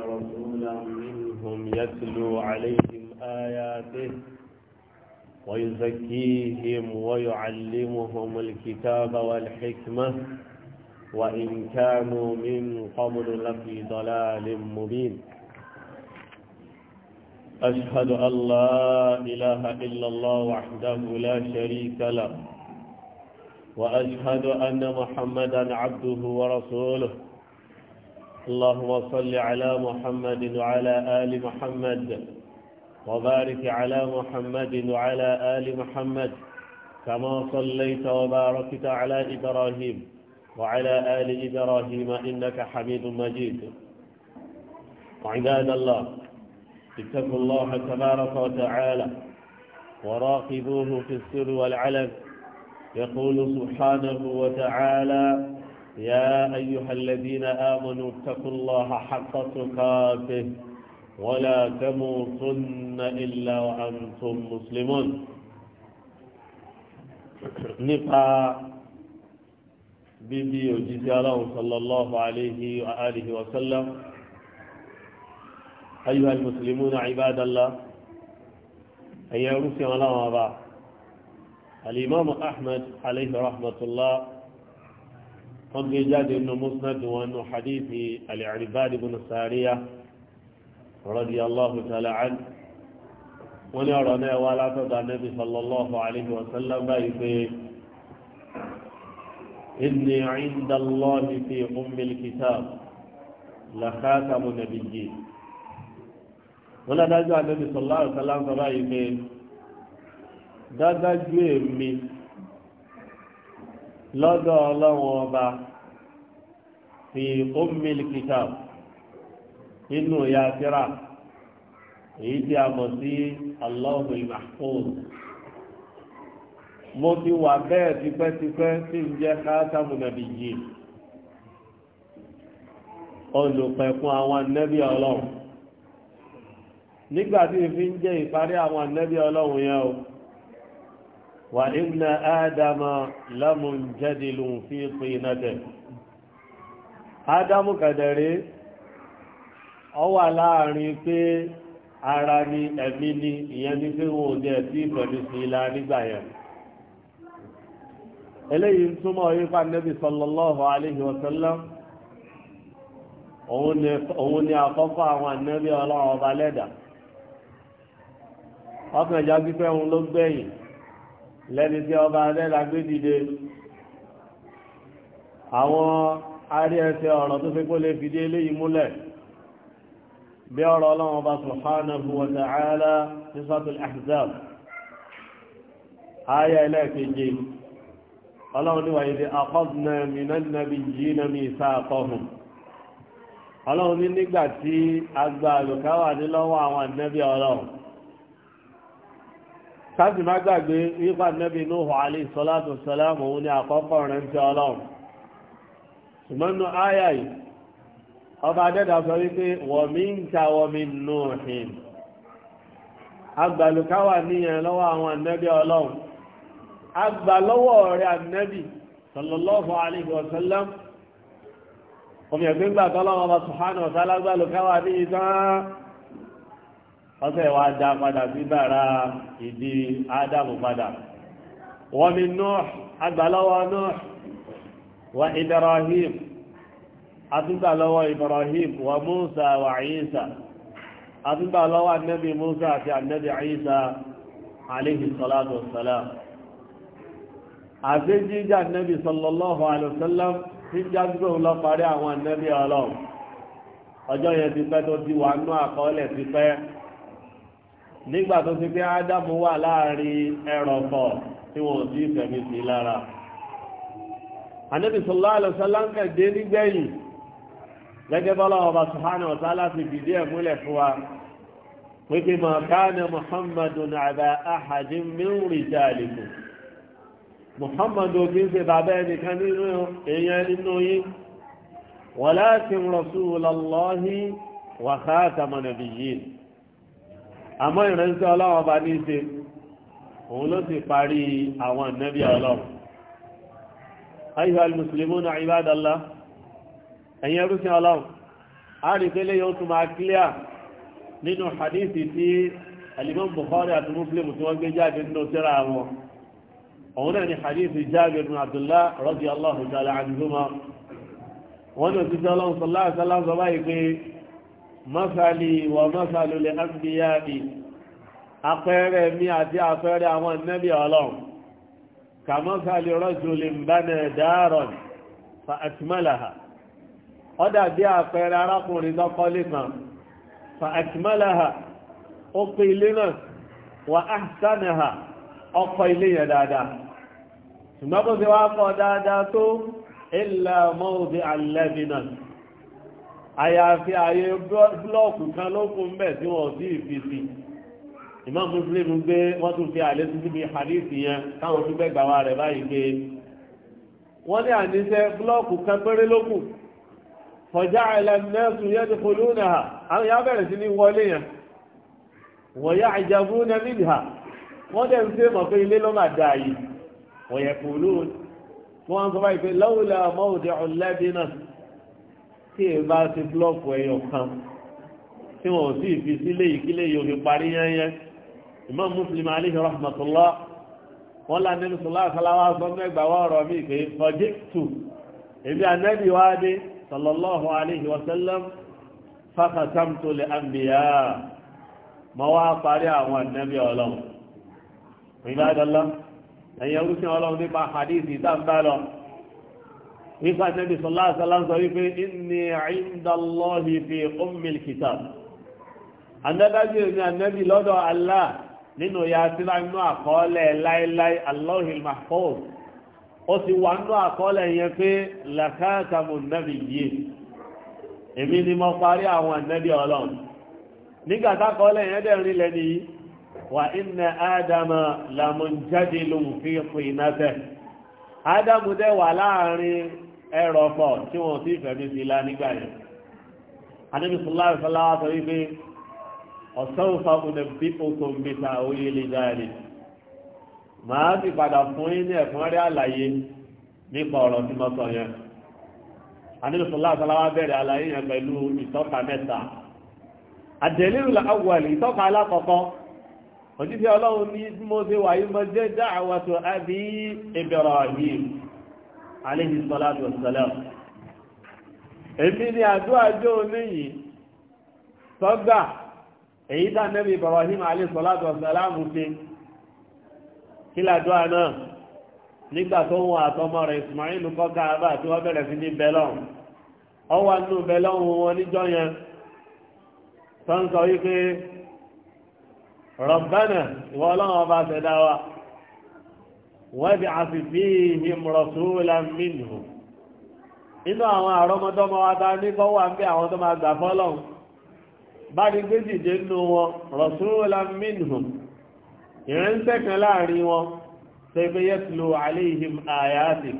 رسولا منهم يتلو عليهم آياته ويزكيهم ويعلمهم الكتاب والحكمة وإن كانوا من قبل لفي ضلال مبين أشهد أن لا إله إلا الله وحده لا شريك له وأشهد أن محمدا عبده ورسوله اللهم صل على محمد وعلى آل محمد وبارك على محمد وعلى آل محمد كما صليت وباركت على إبراهيم وعلى آل إبراهيم إنك حميد مجيد عباد الله اتقوا الله تبارك وتعالى وراقبوه في السر والعلن يقول سبحانه وتعالى يا أيها الذين آمنوا اتقوا الله حق تقاته ولا تموتن إلا وأنتم مسلمون نقا بيبي وجزي صلى الله عليه وآله وسلم أيها المسلمون عباد الله أيها المسلمون الإمام أحمد عليه رحمة الله wọ́n gbé jáde nínú musnad wọn nínú hadithi al-Irbad ibn Sariyah radiyallahu ta'ala an wọ́n ní ọ̀rọ̀ náà wá látọ̀dọ̀ anábì sallallahu alayhi wa sallam báyìí pé inni inda Allahi fi ummil kitab la khatamu nabiyyin wọ́n ládájú anábì sallallahu alayhi wa sallam báyìí pé dádájú èmi lọ́dọ̀ ọlọ́wọ́n ọba fi ummil kitab inú ya tírà èyí tí a mọ̀ sí Allahul Mahfuz mo ti wà bẹ́ẹ̀ tipẹ́tipẹ́ tí ń jẹ́ káàtàmù nàbì yìí olùpẹ̀kun àwọn anẹ́bí ọlọ́run nígbà tí n jẹ́ ìparí àwọn anẹ́bí ọlọ́run yẹn o. وإن آدم لمنجدل في طينته Ádámù kẹ̀dẹ̀rẹ́ ọ wà láàrin pé ara ni ẹ̀mí ni ìyẹn ní pé wọn ò jẹ́ sí ìpẹ̀lú sí ilá nígbà yẹn. Eléyìí ń túmọ̀ yípa Nábì sallallahu alayhi wa sallam. Òun ni àkọ́kọ́ àwọn ànábì ọlọ́run ọba lẹ́dà. Ọkàn ìjà pípẹ́ òun ló gbẹ̀yìn lẹ́ni tí ọba adẹ́lá gbé dìde àwọn arí ẹsẹ̀ ọ̀rọ̀ tó fi kó lè fìdí eléyìí múlẹ̀ bí ọ̀rọ̀ ọlọ́run ọba subhanahu wa ta'ala ní suratul ahzab ayé ẹlẹ́ẹ̀keje ọlọ́run ní ọlọ́run ní sáàtì má gbàgbé wípa nẹ́bí Nuhu alayhi salatu salam òun ni àkọ́kọ́ rẹ̀ ń tẹ́ ọlọ́run ṣùgbọ́n nù áyà yìí ọba adẹ́dà sọ wípé wa minka wa min Nuhin agbàlùkáwà níyẹn lọ́wọ́ àwọn ànẹ́bí ọlọ́run agbà lọ́wọ́ rẹ̀ ànẹ́bí sallallahu alayhi wa sallam ọmọ ẹ̀gbẹ́gbà tọ́lọ́wọ́ ọba subhanahu wa ta'ala agbàlùkáwà níyẹn tán ọsẹ wa da padà sí bàrà ìdí ádámù padà wọ́n mi Nuh agbàlọ́wọ́ Nuh wa Ibrahim atúgbàlọ́wọ́ Ibrahim wa Musa wa Isa atúgbàlọ́wọ́ annabi Musa àti annabi Isa alayhi salatu wassalam àti jíjà annabi sallallahu alayhi wasallam tí jágbé lọ àwọn annabi ọlọ́run ọjọ́ yẹn ti pẹ́ tó ti wà nú àkọọ́lẹ̀ ti pẹ́ nígbà tó ti pé ádámù wà láàrin ẹ̀rọ̀fọ̀ tí wọ́n sì fẹ̀mí sí lára ànábì sallallahu alaihi wasallam dé nígbẹ̀yìn gẹ́gẹ́ bọ́lá ọba subhanahu wa ta'ala ti fìdí ẹ̀ múlẹ̀ fún wa pípé ma kana muhammadun aba ahadin min rijalikum muhammadun kì í ṣe bàbá ẹnìkan nínú èèyàn nínú yín walakin rasulallahi wa khataman nabiyyin àmọ́ ìránṣẹ́ ọlọ́run ọba ní í ṣe òun ló sì parí àwọn ànábì ọlọ́run ayyuhal muslimuna ibadallah ẹ̀yin ẹrúsìn ọlọ́run a rí pé léyìn ó tún máa clear nínú hadithi tí alimam bukhari àti muslim tí wọ́n gbé jáde nínú tírà wọn òun náà ni hadithi jáde nínú masali wa masalu lè ámbíyá ni àpẹẹrẹ mi àti àpẹẹrẹ àwọn nẹ́bí ọlọ́run ka masali rajulin bana daron fa akmalaha ó dàbí àpẹẹrẹ arákùnrin lọ́kọ́lé kan fa akmalaha ó pè ilé náà wa ahsanaha ọkọ̀ ilé yẹn dáadáa ṣùgbọ́n kò sí wá kọ́ dáadáa tó illa mawdi àyàfi ààyè búlọ́ọ̀kù kan ló kún bẹ́ẹ̀ tí wọ́n sì fi sí Imam Muslim gbé wọ́n tún fi àlẹ́ tuntun bíi hadith yẹn káwọn tún bẹ́ẹ̀ gbà wá rẹ̀ báyìí pé wọ́n ní àníṣe búlọ́ọ̀kù kan péré ló kù fọjá ẹlẹ́mẹ́sù yẹn ti kò lónà ha àwọn yà bẹ̀rẹ̀ sí ní wọlé yẹn wọ́n yá àjàbú na mílíà wọ́n dẹ̀ ń ṣe mọ̀ pé ilé lọ́mà dá yìí wọ́n yẹ kò wọ́n sọ báyìí pé lọ́wọ́lá mọ́wùdí ọ̀lẹ́bí náà tí èyí bá ti blọ́ọ̀kù ẹyọ kan tí wọn ò sí ìfi sílé ìkílé yóò fi parí yányán ìmọ̀ Muslim alayhi rahmatullah wọn là nínú sọlá àfàlàwà sọ mẹgbà wà ọ̀rọ̀ mi pé fọjí tù ebi anabi wa dé sallallahu alayhi wa sallam fakatamtu li anbiya mọ wá parí àwọn anabi Ọlọ́run ìgbà dọlọ ẹyẹ Ọlọ́run nípa hadith ìtàn bá wípé àtẹ́bí sọlá àṣálá ń sọ wípé inni indallahi fi ummil kitab anádájú èmi ànábì lọ́dọ̀ Allah nínú ya tí láì nú àkọọ́lẹ̀ láíláí Allahil mahfuz ó ti wà nú àkọọ́lẹ̀ yẹn pé làkàtàmù nàbì yìí èmi ni mo parí àwọn ànábì ọlọ́run nígbà tákọọ́lẹ̀ yẹn dẹ̀ rí lẹ́ni yìí wà inna ádámà lamunjadilun fi qinatihi ádámù dẹ̀ wà láàrin ẹ̀rọ pọ̀ tí wọ́n sì fẹ̀mí sí ilá nígbà yẹn adébísọ̀láwì fọláwà sọ wípé ọ̀sán òfàkùnlẹ̀ bí oko mẹ́ta oyè lè dáre màá sì padà fún yín ní ẹ̀fún rí àlàyé nípa ọ̀rọ̀ tí mo sọ yẹn adébísọ̀láwì fọláwà bẹ̀rẹ̀ àlàyé yẹn pẹ̀lú ìtọ́ka mẹ́ta àdẹ̀lérù làwọ̀lì ìtọ́ka alákọ̀ọ́kọ́ òjíṣẹ́ ọlọ́run ní mo ṣe wàyí mo jẹ́ dáhàwàtò àbí Ibrahim alayhi salatu wassalam èmi ni àdúrà jẹ́ oníyìí sọ́gbà èyí tá nẹ́bí Ibrahim alayhi salatu wassalam ṣe kí làdúrà náà nígbà tó wọn àtọmọ rẹ̀ Ismail kọ́ Káàbà tí wọ́n bẹ̀rẹ̀ sí ní bẹ́lọ́n وابعث فيهم رسولا منهم inú àwọn àrọmọdọ́mọ wa ta ní kọ́ wà ń bí àwọn tó máa gbà fọ́lọ́hun bá ní gbéjì jẹ́ nínú wọn رسولا منهم ìrẹ́nsẹ́ kan láàrin wọn tẹ́gbẹ́ yatlu عليهم آياتك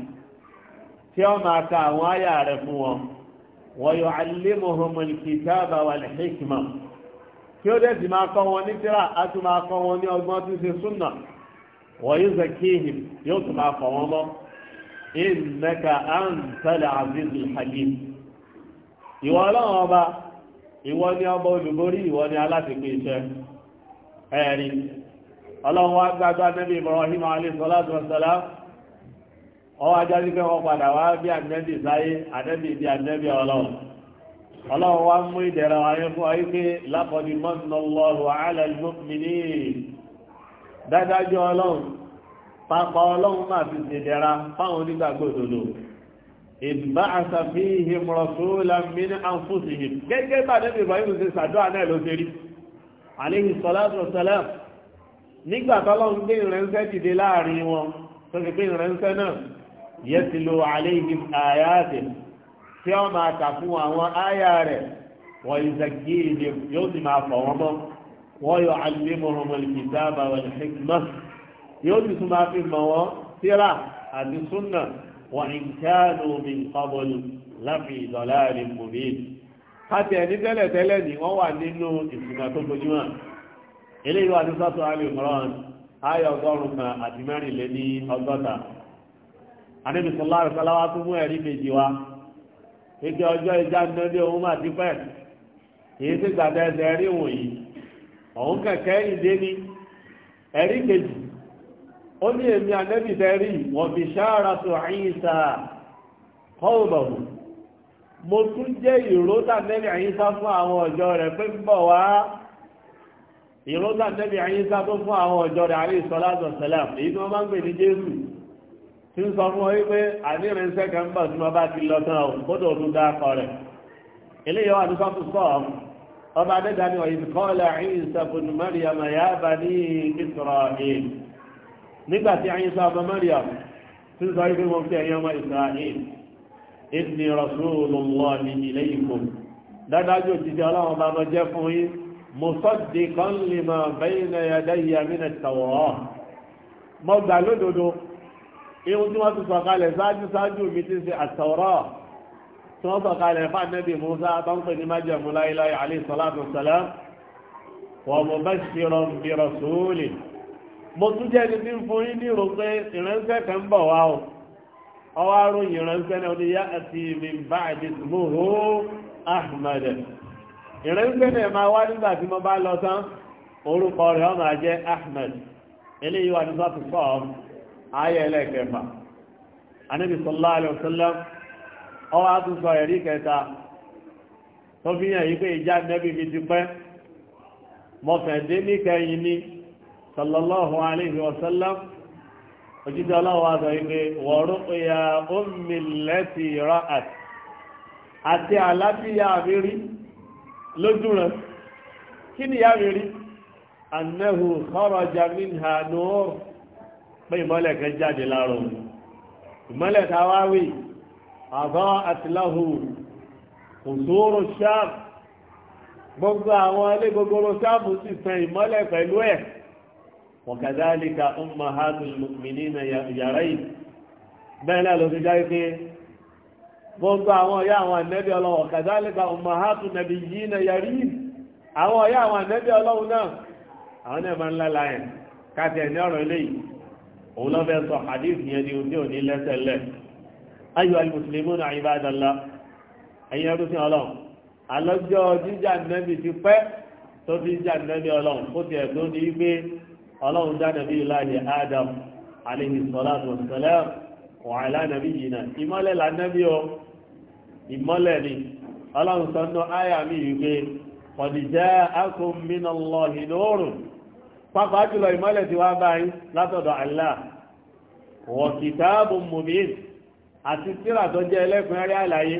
ó máa wọ́n yóò zakihim yóò tún máa fọ̀ wọ́n mọ́ innaka antal azizul hakim ìwọ ọlọ́run ọba ìwọ ni ọba olùborí ìwọ ni alátìpé Ibrahim ọwọ́ ajájú pé padà wá bí sáyé bí ọlọ́run ọlọ́run wá mú ayé fún ayé pé dájájú ọlọ́run pápá ọlọ́run máa fi ṣèdẹ̀ra fáwọn onígbàgbọ́ òdodo ìbá àṣàfi ìhìmọ̀rọ̀sọ́lá min anfusihim gẹ́gẹ́ bá nẹ́bí ibrahim ṣe ṣàdúrà náà ló ṣe rí àléhì sọlátọ̀ sọlá nígbà tọ́lọ́run gbé ìrẹ́nsẹ́ dìde láàrin wọn tó fi gbé ìrẹ́nsẹ́ náà yẹtìlò àléhì àyáàtì wọ́n yọ alìmọ̀ràn alìkìtàbà wà ní hikmá yóò ti tún máa fi mọ̀ wọ́n tíra àti súnà wà ní káàdù mi kọ́bọ̀lù láfi ìdọ̀lá rẹ̀ mùmí. káti ẹni tẹ́lẹ̀ tẹ́lẹ̀ ni wọ́n wà nínú ìsìnkà tó gbojúmọ̀ eléyìí wà ní sọ́tọ̀ alìmọ̀ràn ayé ọgọ́rùn-ún kan àti mẹ́rin lé ní ọgọ́ta. àníbi sọlá rẹ̀ sọlá mú ẹ̀rí kejì wa ike ọjọ́ ìjà ń ọ̀hún keke ìdé ni ẹ̀rí kejì ó ní èmi ànẹ́bì tẹ́rí fi ṣáàrà tó àyíṣà kọ́ọ̀bọ̀mù mo tún jẹ́ ìrótà àyíṣà fún àwọn ọjọ́ rẹ̀ pé ń bọ̀ wá ìrótà àyíṣà tó fún àwọn ọjọ́ rẹ̀ àrí ìsọ́lásọ̀ sẹ́lẹ̀m ní jésù tí ọba adẹ́gbà ni ọ̀yìn kọ́ọ̀lá Isa ibn Maryam ya bani Isra'il nígbà tí Isa ọmọ Maryam tí ń sọ ibi wọn fi ẹ̀yìn ọmọ Isra'il inni rasulullahi ilaykum dádájú òjijì ọlọ́run bá mọ jẹ́ fún yín musaddiqan lima bayna yadayya tí wọ́n sọ kalẹ̀ fún anábì musa tó ń pè ní májẹ̀mú láíláí alayhi salatu salam wa mubashiran bi rasuli mo tún jẹ́ ní bí fún yín ní rò pé ìránṣẹ́ kan ń bọ̀ wá o ọwọ́ arún ìránṣẹ́ náà ní yá àti min ba'di ismuhu ahmed ìránṣẹ́ náà máa wá nígbà tí mo bá lọ tán orúkọ rẹ̀ ó máa ahmed eléyìí wà ní sọ́ọ̀tù sọ́ọ̀ ọwọ́ àtúnsọ ẹ̀rí kẹta tó fi hàn yí pé ìjà nẹ́bí mi ti pẹ́ mọ̀fẹ̀dé níkẹyìn ni sallallahu alayhi wa sallam òjíṣẹ́ ọlọ́wọ́ wa sọ wípé wọ̀rọ̀ ìyá omi lẹ́tì ra'at àti àlàáfíà mi rí lójú rẹ̀ kí ni yá mi rí pé ìmọ́lẹ̀ kan jáde ìmọ́lẹ̀ ta wá wí أضاءت له قصور الشام gbogbo àwọn ilé gogoro sáàbù sì tan ìmọ́lẹ̀ pẹ̀lú ẹ̀ wọ̀kàdálíkà ọmọ hàtùlùmìnì na yàrá yìí bẹ́ẹ̀ náà ló ti jáde pé gbogbo àwọn ọ̀yá àwọn ànẹ́bí ọlọ́wọ̀ wọ̀kàdálíkà ọmọ hàtùlùmìnì yìí na yàrá yìí àwọn ọ̀yá àwọn ànẹ́bí ọlọ́wọ̀ náà àwọn náà máa ń lálàá ẹ̀ ní ọ̀rọ̀ eléyìí òun lọ́fẹ́ sọ hadith yẹn ni òní òní lẹ́sẹ̀ lẹ́ẹ̀ ayọ̀ alìmùsùlùmí náà ìbádàlá ẹ̀yìn ọdún sí ọlọ́run alọ́jọ́ jíjà nẹ́bì ti pẹ́ tó fi jà nẹ́bì ọlọ́run kó ti ẹ̀dọ́ ní wípé ọlọ́run já nẹ́bì láàyè adam aléhìsọ́láàtù ọ̀sẹ̀lẹ̀ wàhálà nẹ́bì yìí náà ìmọ́lẹ̀ là nẹ́bì ọ ìmọ́lẹ̀ ni ọlọ́run sọ nù áyà mi wípé ọ̀dìjẹ́ akùn mínà lọ́hìn lóòrùn pápá jùlọ ìmọ́lẹ̀ ti wá báyìí látọ̀dọ̀ Allah wọ̀kìtàbù mùmíìn àti tíra tó jẹ́ ẹlẹ́kùnrin àlàyé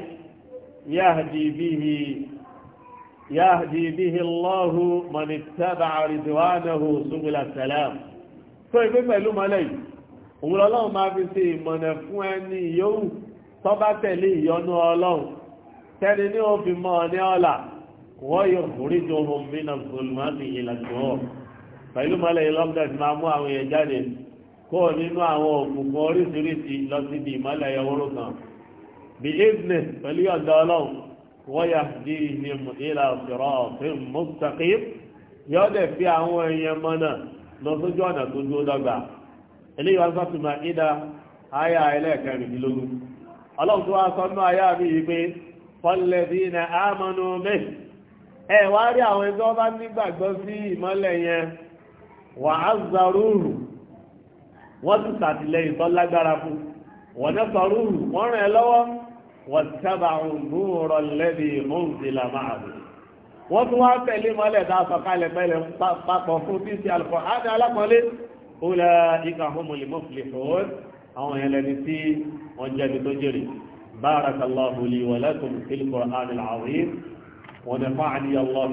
yáàdì bíhì lọ́hù mọ̀nìtàbà àrìdìwánàhù ṣúgbìlà sàlám tó ìpín pẹ̀lú mọ́lẹ̀ yìí òun lọ́lọ́run máa fi ṣe ìmọ̀nà fún ẹni yóò tó bá tẹ̀lé ìyọnú ọlọ́run tẹ́ni ní ó kó o nínú àwọn òkùnkùn oríṣiríṣi lọ síbi ìmọ́lẹ̀ ẹ̀wọ́rọ̀ kan bí ibne pẹ̀lú ọ̀dọ́ ọlọ́run wọ́n yà dí ní ìlà ọ̀sẹ̀rọ̀ ọ̀fin mustaqim yóò dẹ̀ fi àwọn èèyàn mọ́nà lọ sójú ọ̀nà tó dúró dọ́gba eléyìí wọn sọ́tù wá rí àwọn ẹgbẹ́ bá nígbàgbọ́ sí ìmọ́lẹ̀ yẹn wàá zarúrù wọ́n tún sàtìlẹ́yìn tó lágbára fún wọ́n ní sọ̀rúrù wọ́n rìn lọ́wọ́ wọ́n sábà ń rúrọ̀ lẹ́bi mọ́ǹsìlá máa bù. wọ́n tún wá tẹ̀lé mọ́lẹ̀ dá sọ̀kalẹ̀ pẹ́lẹ̀ papọ̀ fún bíi alukọ̀hánì alákọ̀ọ́lé ọ̀là ìka homoli mọ́fìlì fún àwọn yẹn lẹni tí wọ́n jẹ́bi tó jèrè. bárakàlláhu li wa lakum fil qur'anil azim ونفعني الله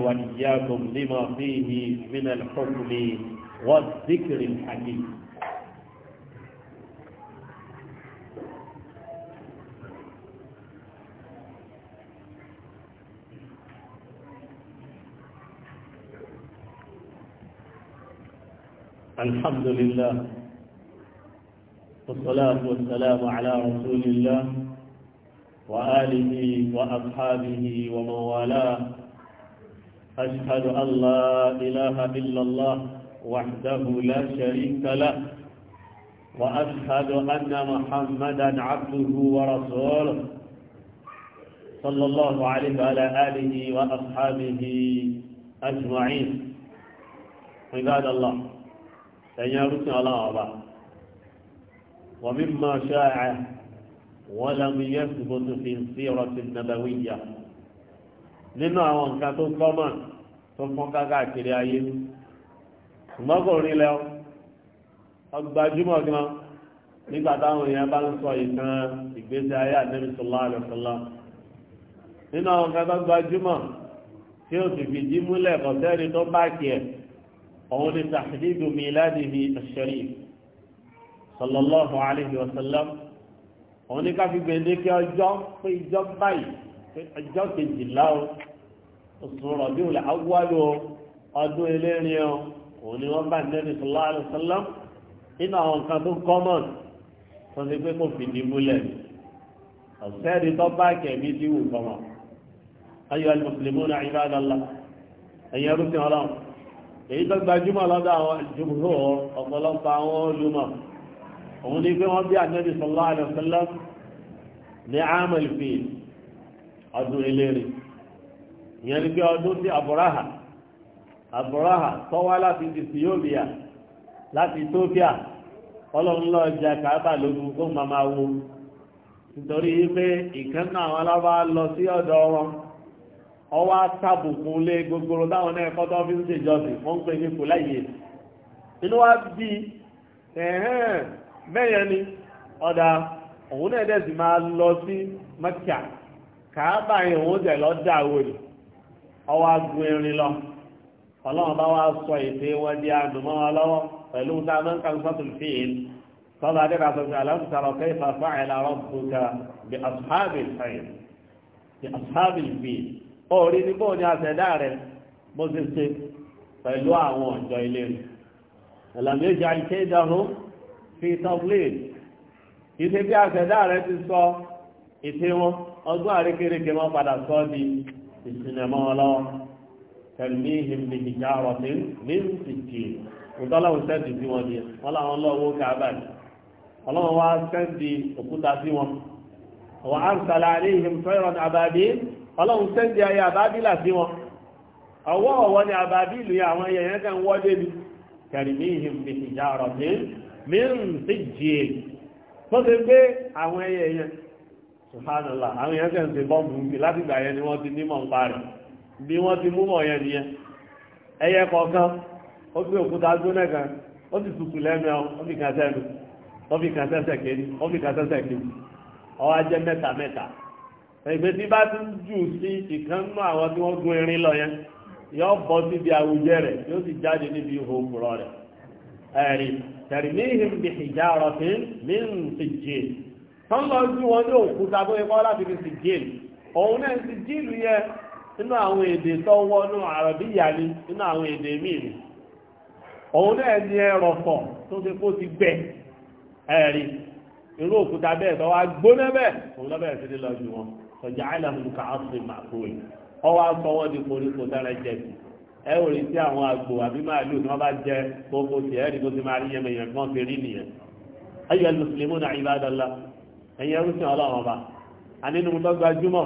الحمد لله والصلاة والسلام على رسول الله وآله وأصحابه ومن والاه أشهد أن لا إله إلا الله وحده لا شريك له وأشهد أن محمدا عبده ورسوله صلى الله عليه وعلى آله وأصحابه أجمعين عباد الله ẹ̀yìn arúgbìn ọlọ́run ọba wọ́n mi máa ṣe àyà wọ́n lẹ́nu yẹ́sì bó tún fi ń sí ọ̀rọ̀ ti nàbẹ̀wé ìyá nínú àwọn nǹkan tó kọ́mọ̀ tó fọ́n káàkiri ayé ṣùgbọ́n kò ọgbàjúmọ̀ gan nígbà táwọn èèyàn bá ń sọ ìtàn ìgbésí ayé àdébí sọlá nínú àwọn nǹkan tó gbajúmọ̀ tí ó sì fìdí múlẹ̀ kọ̀sẹ́ni tó bá kì í òun ni tahdidu miladihi asharif sallallahu alayhi wa sallam òun ni ká fi gbèdéke ọjọ́ pé ìjọ báyìí pé ọjọ́ kejìlá o oṣù Rabiul Awwal ọdún elérin o òun ni wọ́n bá nẹ́bí sallallahu alayhi wa sallam nínú àwọn nǹkan tó kọ́mọ̀n tó ti pé kò fìdí múlẹ̀ ọ̀sẹ́ẹ̀dì tó bá kẹ̀mí sí wù kọ́mọ̀ ayọ̀ al-muslimuna ibadallah ẹ̀yẹ rúfin ọlọ́run èyí tó gbajúmọ̀ lọ́dọ̀ àwọn jùmùhó ọ̀pọ̀lọpọ̀ àwọn olùmọ̀ òun ni pé wọ́n bí ànábì sallallahu alaihi wasallam ní àmàlì fi ọdún eléèrè ìyẹn ni pé ọdún tí àbúráhà àbúráhà tó wá láti ethiopia láti ethiopia ọlọ́run lọ jẹ kàábà lógún kó nítorí pé ìkànnà àwọn alábàá lọ sí ọ̀dọ̀ wọn ọwọ́ atábùkún lé gbogbo dáwọn náà ẹ̀kọ́ tó fi ń ṣèjọsìn wọ́n ń pè ní kò láyé inú wa bí ẹ̀hẹ́n bẹ́yẹn ni òun náà máa lọ sí kàábà òun lọ dà wò ọwọ́ agun irin lọ ọlọ́run bá wá sọ èdè wọn di àdùnmọ́ wọn lọ́wọ́ orí ní bóò ní àṣẹ̀dá rẹ̀ bó ṣe ṣe pẹ̀lú àwọn ọ̀jọ́ ilé rẹ̀ ẹ̀làmẹ́jà ìṣe ìdáhùn fi tọ́blẹ̀ ìṣe bí àṣẹ̀dá rẹ̀ ti sọ ìṣe wọn ọdún àríkèrèkè wọn padà sọ di ìsinẹ̀mọ́ ọlọ́wọ́ tẹ̀lé ìhìnbí ìjà ọ̀rọ̀ tí ní ìsìnkì ìtọ́lọ́wọ́ sẹ́ẹ̀dì sí wọn ni wọ́n láwọn lọ́wọ́ kábàlì ọlọ́wọ́ sẹ́ẹ̀dì òkúta sí wọn wọ́n á ń sàlàyé ìhìnbí ọlọ́run sẹ́ndì ayé àbábílà sí wọn ọwọ́ ọ̀wọ́ ni àbábílù yà àwọn ẹyẹ yẹn kan wọ́dé bí kẹrìmíhìn bí ìjà ọ̀rọ̀ mi mìíràn sí jìí tó ti gbé àwọn ẹyẹ yẹn subhanallah àwọn yẹn kan ti bọ́ọ̀mù bí láti gbà yẹn ni wọ́n ti nímọ̀ nípa rẹ̀ bí wọ́n ti múmọ̀ yẹn nìyẹn ẹyẹ kọ̀ọ̀kan ó fi òkúta gbóná kan ó sì tutù lẹ́nu ó ẹgbẹ́ tí bá ti jù sí ìkànnú àwọn tí wọ́n gun irin lọ yẹn yóò bọ́ síbi àwùjẹ rẹ̀ yóò sì jáde níbi ihò òpùrọ̀ rẹ̀ ẹ̀rí tẹ̀rìmíhìm bí ìjáàrọ̀ tí mí ń sì jìn tán lọ sí wọn ní òkúta tó ikọ́ láti fi sì jìn òun náà sì jìlù yẹ nínú àwọn èdè tó wọnú àrọ̀bíyà ni nínú àwọn èdè míì òun náà ní ẹrọ̀fọ̀ tó ti kó ti gbẹ ẹ̀rí irú òkúta bẹ́ẹ̀ tó wá gbóná bẹ́ẹ̀ òun lọ́bẹ̀ẹ́ sí lọ jù wọn ọjà alámùká ọ̀sìn màkúrì ọwọ́ afọwọ́ di koríko dára jẹ sí ẹ ò rí sí àwọn àgbò àbí màálù ni wọ́n bá jẹ gbogbo tiẹ̀ ẹ̀rí tó ti máa rí yẹmẹ̀yẹ̀ kan ti rí nìyẹn ayọ̀ mùsùlùmí náà ìbádọ́lá ẹ̀yẹ rúṣin ọlọ́run ọba ànínú tó gbajúmọ̀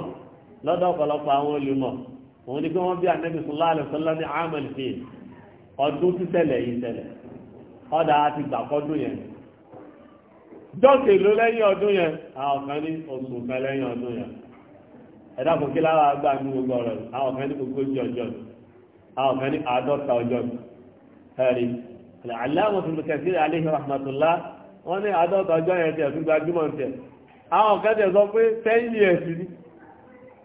lọ́dọ̀ ọ̀pọ̀lọpọ̀ àwọn olùmọ̀ òun ni pé wọ́n bí ànẹ́bí sọlá àlẹ́sọlá ní amẹ́lì fíìl ọdún títẹ̀lẹ̀ yìí tẹ̀lẹ̀ ọ̀dà àti gbàkọ́dún yẹn jọ́ọ̀kì ló lẹ́yìn ọdún yẹn àwọn kan ní oṣù kan lẹ́yìn ọdún yẹn ẹ̀dá kò kí lára agbá ní gbogbo ọ̀rọ̀ àwọn kan ní ogójì ọjọ́ àwọn kan ní àádọ́ta ọjọ́ ẹ̀rí aláàmọ̀ tuntun kẹsí aléhi rahmatullah wọ́n ní àádọ́ta ọjọ́ yẹn tẹ̀ àwọn kan years ni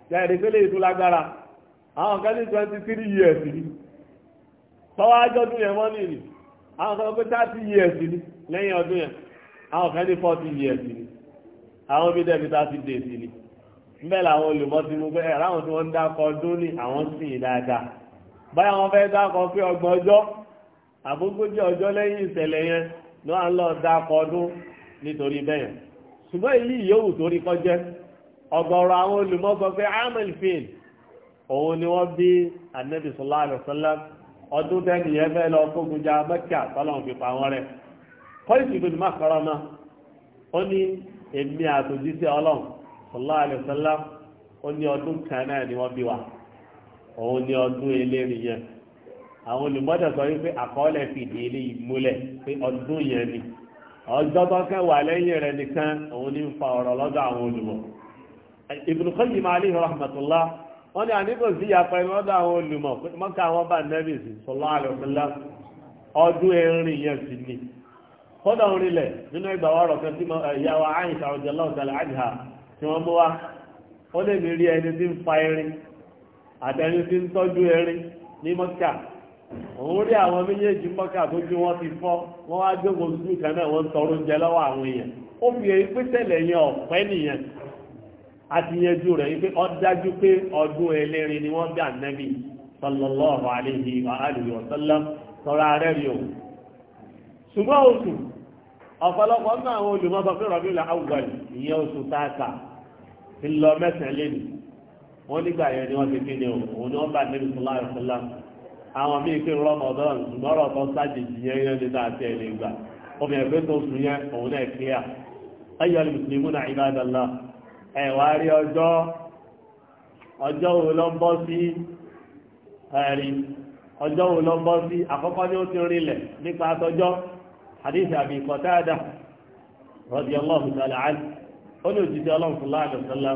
jáde pélé ètò lágbára àwọn kan ní twenty years ni tọ́wọ́ ajọ́dún yẹn wọ́n nìyí àwọn years ni lẹ́yìn ọdún yẹn àwọn years ni àwọn bí dẹ́bi thirty days ni níbẹ̀ làwọn olùmọ̀ ti mú pé ẹ̀ láwọn tí wọ́n ń dákọ̀ ọdún ní àwọn sìn dáadáa báyà wọn fẹ́ dákọ̀ pé ọgbọ̀n ọjọ́ àbógójì ọjọ́ lẹ́yìn ìṣẹ̀lẹ̀ yẹn ló à ń lọ dákọ̀ ọdún nítorí bẹ́yẹn ṣùgbọ́n ìlú ìyówù torí kọjẹ́ ọ̀gọ̀rọ̀ àwọn olùmọ̀ sọ pé amel fin òun ni wọ́n bí anabi sallallahu alaihi wasallam ọdún tẹ́ni yẹn fẹ́ lọ kógun ja mẹ́kà tọ́lọ́run fi pa wọn rẹ̀ kọ́lìsì ìbùdó má kọ́rọ́ ó ní èmi àtòjíṣẹ́ ọlọ́run sallallahu alaihi wasallam ó ní ọdún kan náà ni wọ́n bí wa òun ní ọdún eléyìí yẹn àwọn olùmọ́dọ̀ sọ wípé àkọọ́lẹ̀ fìdí eléyìí múlẹ̀ pé ọdún yẹn ni ọjọ́ tó kẹwàá lẹ́yìn rẹ̀ nìkan òun ní ń fa ọ̀rọ̀ lọ́dọ̀ àwọn olùmọ̀ Ibn Qayyim alayhi rahmatullah wọ́n ní àníkò sí ìyàpá ẹni lọ́dọ̀ àwọn olùmọ̀ mọ́kà wọn bá nẹ́bì sí sallallahu alaihi wasallam ọdún erin yẹn sì ni kọ́dọ̀ orílẹ̀ nínú ìgbà wọ́rọ̀ kan tí ìyàwó Aisha radiyallahu ta'ala anha tí wọ́n mú wá ó lè mi rí ẹni tí ń fa erin àtẹni tí ń tọ́jú erin ní mọ́kà òun rí àwọn méjèèjì mọ́kà tó jú wọ́n ti fọ́ wọ́n wá jókòó sùúrù kan náà wọ́n ń tọrọ oúnjẹ lọ́wọ́ àwọn èèyàn ó fi èyí pé yẹn ọ̀pẹ́ nìyẹn àti yẹjú rẹ̀ yìí pé ó dájú pé ọdún ẹlẹ́rin ni wọ́n bí ànábì sallallahu alaihi wa alihi wa sallam tọ́ra ọ̀pọ̀lọpọ̀ nínú àwọn olùmọ̀sọ pé rọ̀bí là áwùgbọ̀n ìyẹn oṣù táàkà ti lọ mẹ́sàn-án lẹ́nu wọ́n nígbà yẹn ni wọ́n ti fi ní òun ni wọ́n bá níbi sọlá ìfọlá àwọn míì pé rọmọdán ṣùgbọ́n ọ̀tọ̀ sájèjì yẹn yẹn ní ẹ̀ tó sùn yẹn òun náà mùsùlùmí náà ẹ̀ wá rí ọjọ́ ọjọ́ ló ń bọ́ sí ẹ̀rí ọjọ́ ló ń bọ́ sí àkọ́kọ́ hadith abi qatada radiyallahu ta'ala anhu ó ní òjijì ọlọ́run fún láàdọ̀ sọ́lá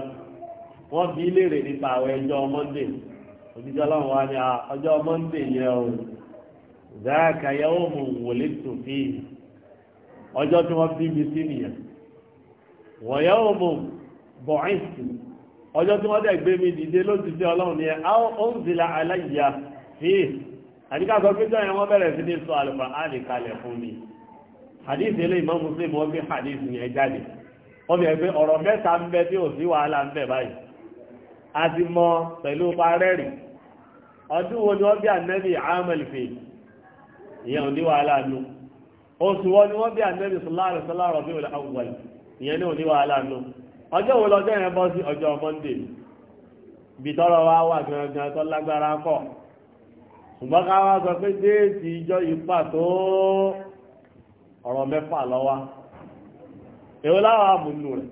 wọ́n fi léèrè nípa àwọn ẹjọ́ monday òjijì ọlọ́run wa ni ọjọ́ monday yẹ o zaaka yawmun wulidtu fihi ọjọ́ tí wọ́n bí mi sí nìyẹn wa yawmun bu'ithtu ọjọ́ tí wọ́n dẹ̀ gbé mi dìde lójijì ọlọ́run ni unzila alayya fihi àdíkà sọ pé jọ́ yẹn wọ́n bẹ̀rẹ̀ sí ní sọ àlùfáà á nìkalẹ̀ fún mi hadith eléyìí Imam Muslim wọ́n gbé hadith yẹn jáde wọ́n fi ẹgbẹ́ ọ̀rọ̀ mẹ́ta ń bẹ tí ò sí wàhálà ń bẹ báyìí a ti mọ pẹ̀lú parẹ́rì ọdún wo ni wọ́n bí ànẹ́bì amẹ́lìfẹ́ ìyẹn ò ní wàhálà nù oṣù wọn ni wọ́n bí ànẹ́bì sọláàrọ̀ sọláàrọ̀ bí wọ́n àwọn ìyẹn ní ò ní wàhálà nù ọjọ́ wo lọ́jọ́ yẹn bọ́ sí ọjọ́ Monday bí tọ́rọ wa wà gangan tó lágbára kọ̀ ṣùgbọ́n ká wá sọ pé déètì ìjọ ìpàtó ọ̀rọ̀ mẹ́fà lọ́wá èwo láwọn amúnú rẹ̀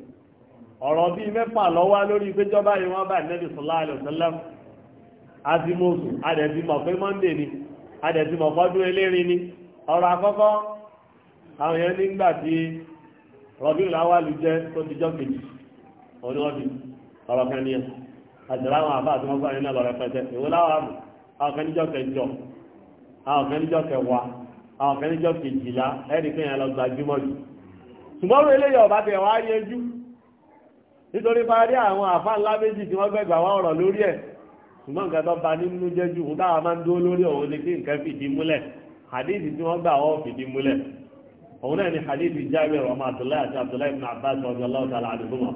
ọ̀rọ̀ bí mẹ́fà lọ́wá lórí ìgbéjọba yìí wọ́n bá ìnẹ́bì sọ́lá àlọ́sọ́lá azimosu adẹ̀bímọ̀ pé monday ni adẹ̀bímọ̀ fọ́dún elérin ni ọ̀rọ̀ àkọ́kọ́ àwọn èèyàn nígbà tí rọ̀bíùn láwálù jẹ́ tó ti jọ́ kejì oníwọ́bí ọ̀rọ̀ kan ní ẹ̀ àjẹ̀láwọn àbá àti wọ́n gbà nínú ọ̀rọ̀ pẹ̀tẹ̀ èwo láwọn àmù àwọn kan níjọ́ kẹjọ àwọn kan níjọ́ kẹwàá àwọn kan níjọ́ kejìlá ẹni pé yẹn lọ gbajúmọ̀ jù ṣùgbọ́n wọ́n eléyìí ọ̀bá tẹ̀ wá yẹjú nítorí bá rí àwọn àfa ńlá méjì tí wọ́n gbẹ̀gbà wá ọ̀rọ̀ lórí ẹ̀ ṣùgbọ́n nǹkan tó ba nínú jẹ́ ju òun táwa máa ń dúró lórí òun ni kí nǹkan fìdí múlẹ̀ hadithi tí wọ́n gbà wọ́n fìdí múlẹ̀ òun náà ni hadithi Jabir ọmọ Abdullahi àti Abdullahi ibn Abbas radiyallahu ta'ala anhuma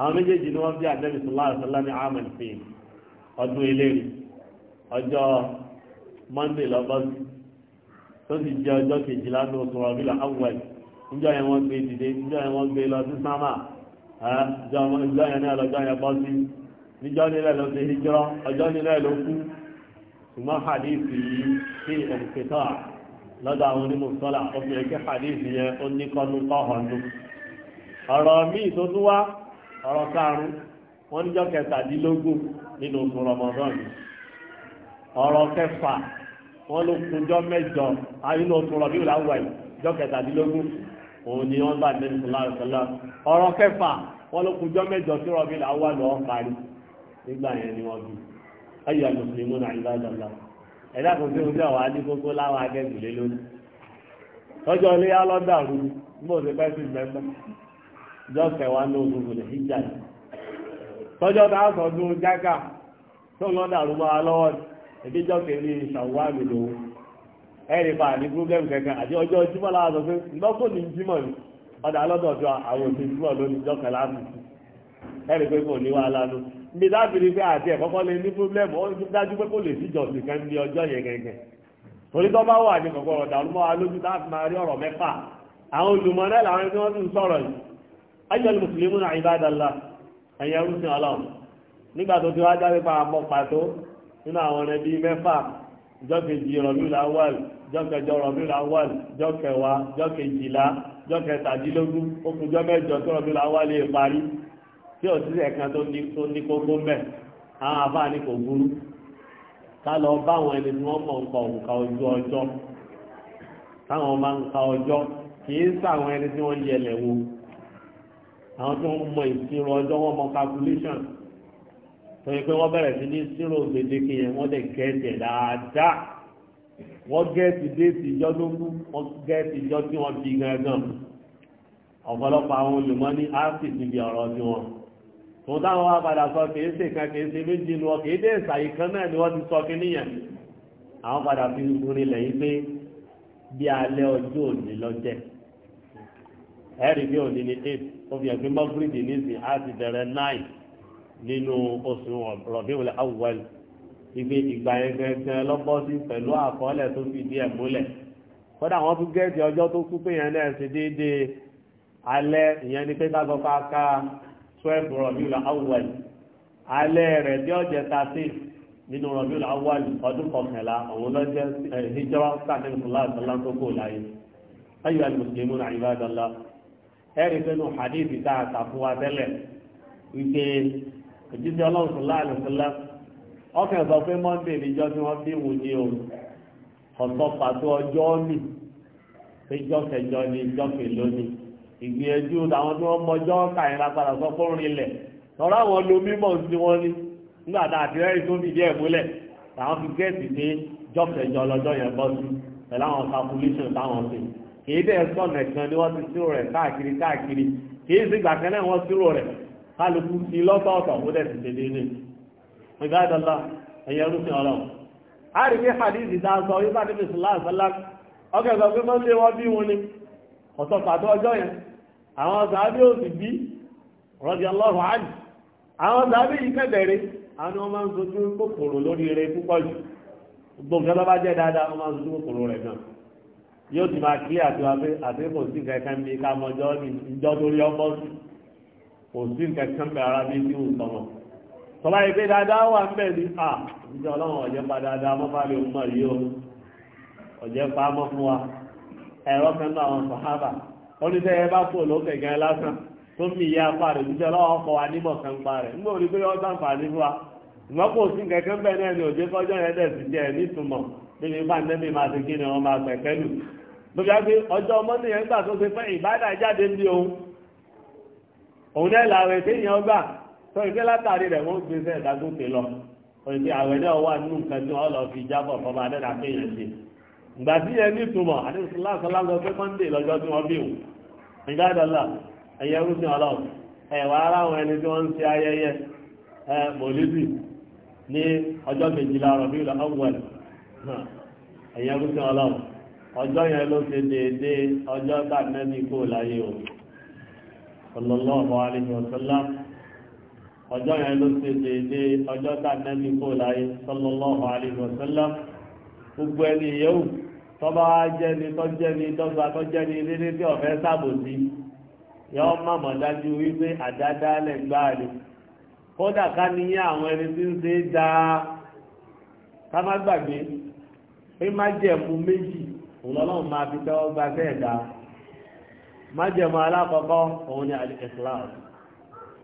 àwọn méjèèjì ni wọ́n bí Ànábì sallallahu tó sì jẹ́ ọjọ́ kejìlá ní oṣù rọ̀bílà awwal níjọ́ yẹn wọ́n gbé dìde níjọ́ yẹn wọ́n gbé lọ sí sámà níjọ́ yẹn náà lọ́jọ́ yẹn bọ́ sí níjọ́ nílẹ̀ ló ti hijrọ́ ọjọ́ nílẹ̀ ló kú ṣùgbọ́n hadithi yìí sí ẹ̀kẹtọ́ lọ́dọ̀ àwọn onímọ̀sọ́là obìnrin kí hadithi yẹn ó ní kọ́nú kọ́họ̀nù ọ̀rọ̀ míì tó tún wá ọ̀rọ̀ karùn-ún wọ́n níjọ́ kẹtàdínlógún nínú oṣù rọmọdọ́ọ̀nù ọ̀rọ̀ kẹfà wọn ló kunjọ́ mẹjọ ayé ló tún rọ̀bí ìlà wà yìí kẹtàdínlógún òun ni wọ́n bá sọlá kẹfà ló kunjọ́ mẹjọ tí rọ̀bí ìlà wà lọ́ọ́ parí nígbà yẹn ni wọ́n bí ayé náà kò sí oúnjẹ wà á ní kókó láwọn akẹ́kọ̀ọ́ lónìí lọ́jọ́ ilé ní ìgbéjọ́ kẹrí ṣàwárì lò ẹ̀rì bá ní problem kankan àti ọjọ́ jímọ̀ láàzọ pé lọ́kùn ní jímọ̀ ni ọ̀dà alọ́dọ̀dọ̀ àwọn òṣèlú jímọ̀ lónìí jọ́kẹ̀ láàmì ẹ̀rì pé kò ní wá lánú ibi lábìrì pé àti ẹ̀kọ́kọ́ lè ní problem ó ń dájú pé kò lè sí ìjọsìn ní ọjọ́ yẹn gẹ́gẹ́ torí tó bá wà ní kọ̀kọ́ ọ̀dà ọlọ́mọ alójú láti máa rí ọ̀rọ̀ mẹ́fà àwọn olùmọ̀ làwọn tí wọ́n ti ń sọ̀rọ̀ yìí ayyul muslimuna ibadallah ẹ̀yẹ rúṣin ọlọ́run nígbà tó ti wá jáde pa àmọ́ pàtó nínú àwọn ọ̀rẹ́ bíi mẹ́fà jọ́ kejì rọ̀bíùlà wàl jọ́ kẹjọ rọ̀bíùlà wàl jọ́ kẹwàá jọ́ kejìlá jọ́ kẹtàdínlógún okùn jọ́ mẹ́jọ tó rọ̀bíùlà wàl lè parí tí ò sílẹ̀ kan tó ní kókó mẹ́ àwọn àfáà ní kò burú ká lọ bá àwọn ẹni tí wọ́n mọ̀ ń pa òǹkà ojú ọjọ́ táwọn máa ń ka ọjọ́ kì í sáwọn ẹni tí wọ́n yẹlẹ̀ wo àwọn tí wọ́n mọ ìṣirò ọjọ́ wọn mọ calculation torí pé wọ́n bẹ̀rẹ̀ sí ní sírò gbèdéke yẹn wọ́n dẹ̀ gẹ́ẹ̀tì ẹ̀ dáadáa wọ́n gẹ́ẹ̀tì déètì ìjọ tó kú wọ́n gẹ́ẹ̀tì ìjọ tí wọ́n fi gangan ọ̀pọ̀lọpọ̀ àwọn olùmọ́ ní áàpì níbi ọ̀rọ̀ tí wọ́n tó táwọn wá padà sọ kìí ṣe kan kìí ṣe méjì lọ kìí dé ìsàyè kan náà ni wọ́n ti sọ kí níyàn àwọn padà fi rin lẹ́yìn pé bí alẹ́ ọjọ́ òní lọ́jẹ́ ẹ̀rí bí òní ni 8 ó fi hàn pé mọ́gírìdì nísìn á ti bẹ̀rẹ̀ 9 nínú oṣù Rabiul Awwal ibi ìgbà yẹn gẹ́gẹ́ lọ́bọ́sí pẹ̀lú àkọọ́lẹ̀ tó fìdí ẹ̀ múlẹ̀ kódà wọ́n tún gẹ́ẹ̀dì ọjọ́ tó kú pé yẹn náà ṣe déédéé alẹ́ ìyẹn ni pé káàkọ́ káàká twelve Rabiul Awwal alẹ́ rẹ̀ bí ọ̀jẹ̀ thirteen nínú Rabiul Awwal ọdún kọkànlá òun lọ́jẹ́ hijra sàdéhùnlá ìsọ̀lá tó òjísé ọlọ́run sọlá àlùfọlá sọ pé monday níjọ́ tí wọ́n bí wù ní o ọ̀sán pàtó ọjọ́ mi péjọ́ kẹjọ ni ìjọ kèló ni ìgbìyànjú àwọn tí wọ́n mọjọ́ kàyìn lápadà sọ fún rinlẹ̀ lọ́rọ́ àwọn lo sí wọn ni nígbà tá àti rẹ́rìn tó fìdí ẹ̀ múlẹ̀ làwọn fi gẹ́ẹ̀tì pé jọ́ lọ́jọ́ yẹn bọ́ sí pẹ̀lú àwọn calculation táwọn ṣe kì í bẹ́ẹ̀ sọ̀nà kan ni wọ́n ti sírò rẹ̀ káàkiri káàkiri kì í sì gbà kan náà wọ́n sírò rẹ̀ kálukú sí lọ́tọ̀ọ̀tọ̀ ó dẹ̀ sì ṣe déédé ìgbàdọ́lá ẹ̀yẹ rúfin ọlọ́run a rí pé hadithi dá sọ wípé níbi sùláàsálá ọkẹ́ sọ pé mọ́ lé wọ́n bí wọn ni ọ̀sọ̀ pàtó ọjọ́ yẹn àwọn sàábí ò sì bí rọ́dí ọlọ́run àjì àwọn sàábí yìí kẹ́bẹ̀rẹ̀ àwọn ọmọ ń sojú kòkòrò lórí rẹ̀ púpọ̀ jù gbogbo nǹkan bá jẹ́ dáadáa ọmọ ń sojú kòkòrò rẹ̀ yóò ti máa kí àti àbẹ́kọ̀ sí kẹ́kẹ́ mi ká mọjọ́ ní ìjọ́ torí ọmọ kò sí bẹ ara bí ní òótọ́ wọn tọ́lá dáadáa wà ń bẹ̀ ní à o ọ̀jẹ́ pa mọ́ fún wa ẹ̀rọ kan àwọn sàhábà ó ní sẹ́yẹ bá kú òlò kẹ̀kẹ́ lásán tó mi apá rẹ̀ ìjọ ọlọ́run ọkọ̀ wa nímọ̀ kan pa rẹ̀ nígbà pé ó dá fún wa ìmọ̀ kò sí bẹ̀ náà ni òjé kọjọ́ yẹn dẹ̀ sì jẹ́ nítumọ̀ níbi pàǹdẹ́mì máa ti kí ni wọ́n máa pẹ̀kẹ́ lù òun náà làwẹ̀ tí èèyàn gbà tó ìgbé látàrí rẹ̀ wọ́n gbé sẹ́ẹ̀ dágúnté lọ òyìnbí àwẹ̀ náà wà nínú nǹkan tí wọ́n lọ fi jábọ̀ fọba adẹ́dà pé èèyàn ṣe ìgbà tí yẹn ní ìtumọ̀ àdéhùn láàṣọ pé mọ́ndé lọ́jọ́ tí wọ́n bí wù ẹ̀yẹ rúfin ara àwọn ẹni tí wọ́n ń ṣe ayẹyẹ mọ̀lẹ́bí ní ọjọ́ méjìlá ẹ̀yẹ rúfin ọjọ́ yẹn ló ṣe déédéé ọjọ́ kó láyé o sallallahu alaihi wa sallam ọjọ́ yẹn ló ṣe déédé ọjọ́ tá nẹ́bí kó láyé sallallahu alaihi wa sallam gbogbo ẹni yẹ́wù tọ́ba jẹ́ni tọ́jẹ́ni dọ́gba tọ́jẹ́ni lédè tí ọ̀fẹ́ sábòsí yọ mọ̀mọ́ dájú wípé àdádálẹ̀ gbáàlì kódà ká ní àwọn ẹni tí ń ṣe é dáa ká má gbàgbé pé má jẹ̀mú méjì òun lọ́lọ́run máa fi tẹ́wọ́ gba fẹ́ẹ̀ dáa májẹ̀mọ́ alákọ̀ọ́kọ́ òun ni al-ikhlas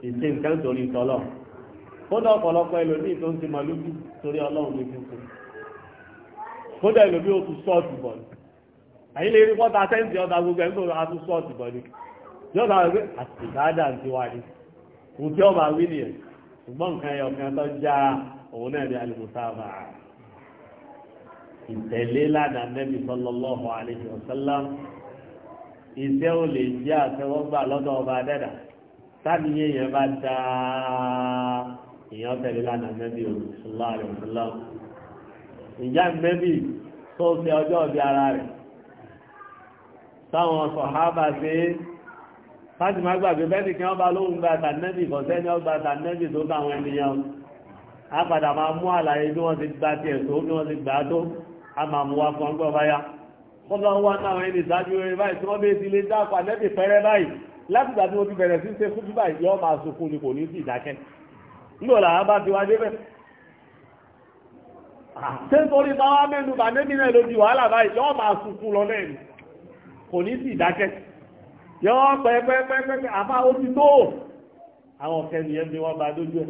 ìṣe nǹkan torí tọ́lọ̀ kódà ọ̀pọ̀lọpọ̀ ẹlòmíì tó ń ti màlúkù torí ọlọ́run ló fún un kódà ẹlòmíì ó tún sọ́ọ̀tù bọ̀ ni àyí lè rí pọ́ta tẹ́ǹtì ọ̀dà gbogbo ẹ̀ ń tòrò atún sọ́ọ̀tù bọ̀ ni yóò dára pé àti ìbáàdà ti wá ní ohun tí ó máa wí nìyẹn ṣùgbọ́n nǹkan ẹyọ kan tó já òun náà ní alimusaba ìtẹ̀lé ládàá nẹ́bí sallallahu alaihi wasallam iṣẹ́ ò lè jẹ́ àtẹwọ́gbà lọ́dọ̀ ọba dẹ́dà sábìyẹ yẹn bá dáa èèyàn tẹ̀lé lánàá mẹ́bí o ṣùlá rẹ̀ ṣùlá ìjà mẹ́bí tó ṣe ọjọ́ ọ̀bí ara rẹ̀ táwọn sọ̀hábà ṣe é fáti má gbàgbé bẹ́ẹ̀ni kí wọ́n bá lóhùn gba tànẹ́bì kọ̀sẹ́ni ọgbà tànẹ́bì tó bá àwọn ènìyàn á padà máa mú àlàyé bí wọ́n ti gbà tiẹ̀ tó bí wọ́n ti gbà á tó á máa mú wá fún ọgbọ́n báyá wọ́n bá ń wá náà ẹni ìsájú rẹ̀ báyìí tí wọ́n bẹ́ẹ̀ ti lè dáàpọ̀ àlẹ́bì pẹ́rẹ́ báyìí láti ìgbà tí mo ti bẹ̀rẹ̀ sí ṣe fún bíbá ìyọ́ máa sunkún ni kò ní sí ìdákẹ́ nígbà làwọn bá ti wá débẹ̀. ṣé nítorí báwa mẹ́nu bà nẹ́bí náà ló di wàhálà báyìí yọ́ máa sunkún lọ lẹ́nu kò ní sí ìdákẹ́. yọ́ pẹ́pẹ́pẹ́pẹ́ àbá ó ti tó àwọn kẹ́ni yẹn ni wọ́n bá dójú ẹ̀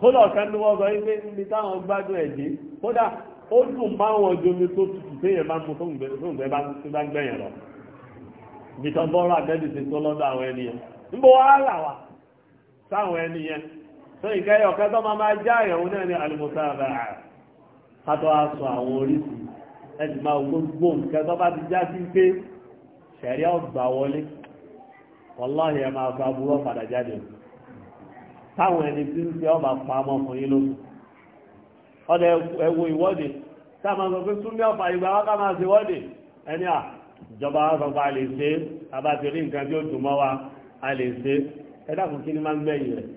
kódà ọ̀kẹ́ ni wọ́n sọ ó dùn bá wọn jomi tó tutù téèyàn bá mú tó ń gbẹ bá tó bá ń gbẹ̀yìn lọ bìtàn bọ́ọ̀rọ̀ àgbẹ̀dì ti tó lọ́dọ̀ àwọn ẹni yẹn níbo wá là wà sáwọn ẹni yẹn tó ìkẹyọ kẹtọ́ máa máa já náà ní sọ àwọn ẹni máa gbogbo bá ti já sí pé ọgbà wọlé ẹ máa ọba pamọ́ fún yín lóṣù ọdẹ ẹwọ ìwọ́de sáàmà sọ pé súnmọ́ ọ̀fà ìgbà wákà máa ṣe wọ́de ẹni à ìjọba ọ̀fà a lè ṣe abájọrí nǹkan tí ó dùn mọ́ wa a lè ṣe ẹ̀dàkùn kí ni máa ń gbẹ̀yìn rẹ̀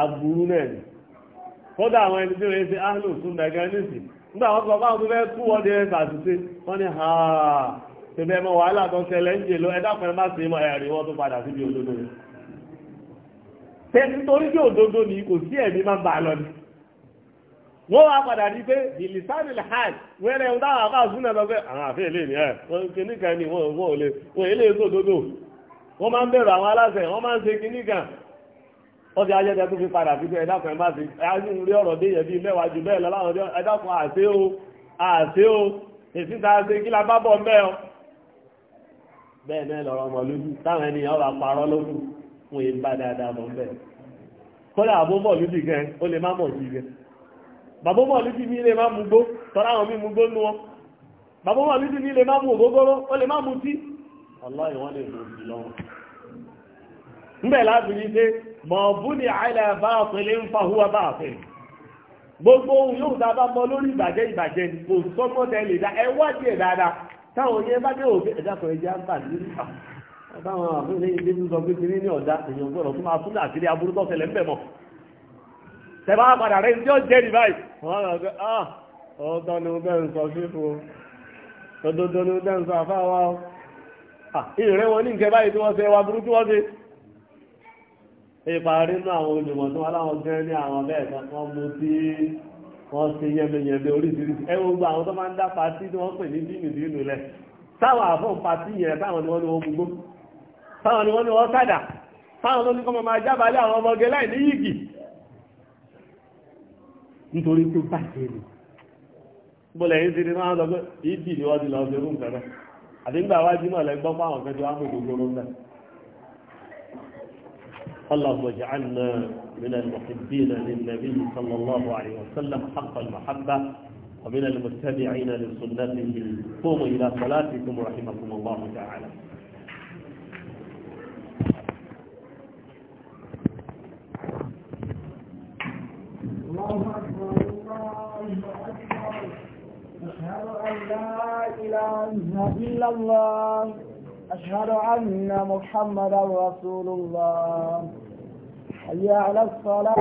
aburú náà ni kódà àwọn ẹni tí ó ṣe áhùn súnmọ́ ẹ̀gẹ́ nísì nígbà wọn sọ fáwọn tó fẹ́ kú wọ́de ẹ̀ sàtúnṣe wọ́n ní ha tẹ̀lé mọ́ wàhálà tó ṣẹlẹ̀ ń jè lọ ẹ̀dàkùn ẹ̀ má ṣe mọ́ ẹ̀rí wọ́n tó padà síbi òdodo rẹ̀ tẹ̀sítorí tí òdodo ni kò sí ẹ̀mí máa ń lọ ni wọ́n wá padà rí pé bilisani lhaj wẹ́rẹ̀ ń dáwà bá súnà lọ pé àwọn àfẹ́ ilé ni ẹ̀ kìníkan ni wọ́n wọ́n lè wọ́n ilé èso dodo wọ́n máa ń bẹ̀rù àwọn aláṣẹ wọ́n máa ń ṣe kìníkan wọ́n ti ajẹ́jẹ́ tó fi padà fi pé ẹ̀dàkùn ẹ̀ má ti ẹ̀yájú rí ọ̀rọ̀ dé yẹ̀bí mẹ́wàá jù bẹ́ẹ̀ lọ láwọn ọjọ́ ẹ̀dàkùn àṣẹ o àṣẹ o èsì ta ṣe kí la bá bọ̀ mẹ́ ọ. bẹ́ẹ̀ náà lọ̀rọ̀ ọmọ lójú táwọn ènìyàn bá parọ́ lójú fún ìbá dáadáa mọ́ bẹ́ẹ̀ kọ́lá àbó mọ̀ lójú gan ó lè má mọ̀ sí gan bàbá mọ̀lúdì ní ilé máa mú gbó tọ́rọ àwọn mímú gbó nú wọn bàbá mọ̀lúdì ní ilé máa mú ògógóró ó lè máa mú tí Allah ìwọ́n lè mú sí lọ́wọ́ ńbẹ̀ láti ní pé mọ̀bú ni àìlẹ̀ bá àpẹẹlẹ̀ ń fa húwa bá àpẹẹlẹ̀ gbogbo ohun ilé ìdíjú sọ pé kiri ní ọ̀dá èèyàn tó máa tún àṣírí aburú tó ṣẹlẹ̀ ń bẹ̀ tẹ̀bá padà rẹ̀ tí ó jẹ́ ní báyìí wọ́n rọ̀ pé ah ọ̀tọ́ ni ó bẹ́ẹ̀ sọ fífò ọdọ́dọ́ ni ó bẹ́ẹ̀ sọ àfáwà ah, ìrẹ́ wọn ní nǹkẹ́ báyìí tí wọ́n ṣe wà burúkú wọ́n ṣe ìparí nú àwọn olùmọ̀ tó wá láwọn gẹ́ ní àwọn bẹ́ẹ̀ kan wọ́n mú sí wọ́n ṣe yẹmẹyẹmẹ oríṣiríṣi ẹ gbogbo àwọn tó máa ń dá patí tí wọ́n pè ní bínú bínú lẹ̀ táwọn àfọ̀n patí yẹn táwọn ni wọ́n ní wọ́n gbogbo táwọn ni wọ́n ní wọ́n sádà táwọn ló ní kọ́ máa jábàálẹ̀ àwọn ọmọge láì ní yìgì nítorí pé bàjẹ́ ni bọ́lẹ̀ yìí ti ní máa ń lọ pé ìdí ni maa n lo pe idi ni ti lọ ṣerú nǹkan náà àti nígbà wájú náà lẹ́gbọ́n fáwọn kan tí wọ́n mú gbogbo rọ́ńdà اللهم لا إله إلا الله أشهد أن محمدا رسول الله حي على الصلاة